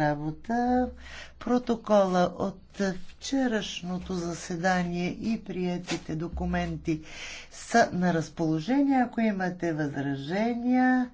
работа. Протокола от вчерашното заседание и приятите документи са на разположение. Ако имате възражения,